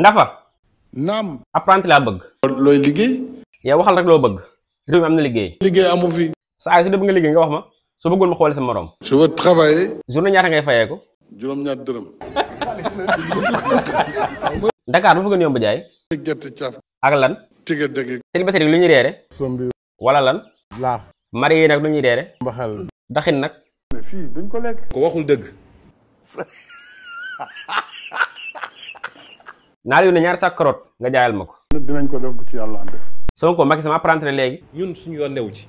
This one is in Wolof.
Ndafa. naam. apprenti laa bëgg. looy liggéey. yow waxal rek loo bëgg. réew mi am na liggéey. liggéey amu fi. saa su dee nga liggéey nga wax ma su bëggoon ma xool sa moroom su veux travailler. journée ñaata ngay fayee ko. juróom bu jaay. gerte ak lan. tigga dëgg. célibataire yi lu ñuy reere. wala lan. laax. mari yi nag lu ñuy reere. mbaxal. daxin ko lekk. waxul dëgg. naar yu ne ñaar sa carotte nga jaayal ma dinañ ko def ci ande sama ñun suñu ci